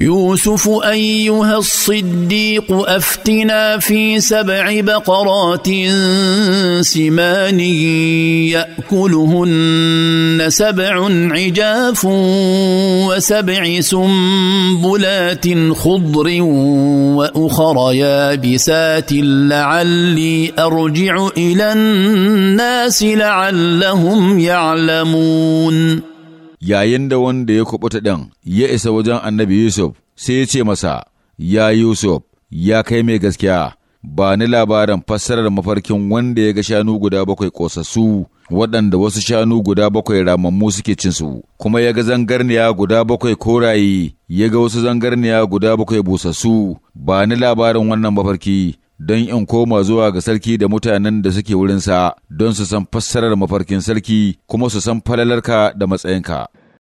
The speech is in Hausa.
يوسف ايها الصديق افتنا في سبع بقرات سمان ياكلهن سبع عجاف وسبع سنبلات خضر واخر يابسات لعلي ارجع الى الناس لعلهم يعلمون yayin da wanda ya kubuta ɗin ya isa wajen annabi Yusuf sai ya ce masa, Ya Yusuf, ya kai mai gaskiya, ba ni labarin fassarar mafarkin wanda ya ga shanu guda bakwai ƙosassu waɗanda wasu shanu guda bakwai ramammu suke cinsu, kuma ya ga zangarniya guda bakwai koraye, ya ga wasu zangarniya guda bakwai busassu, ba ni labarin wannan mafarki don in koma zuwa ga sarki da mutanen da suke wurinsa don su san fassarar mafarkin sarki kuma su san falalarka da matsayinka.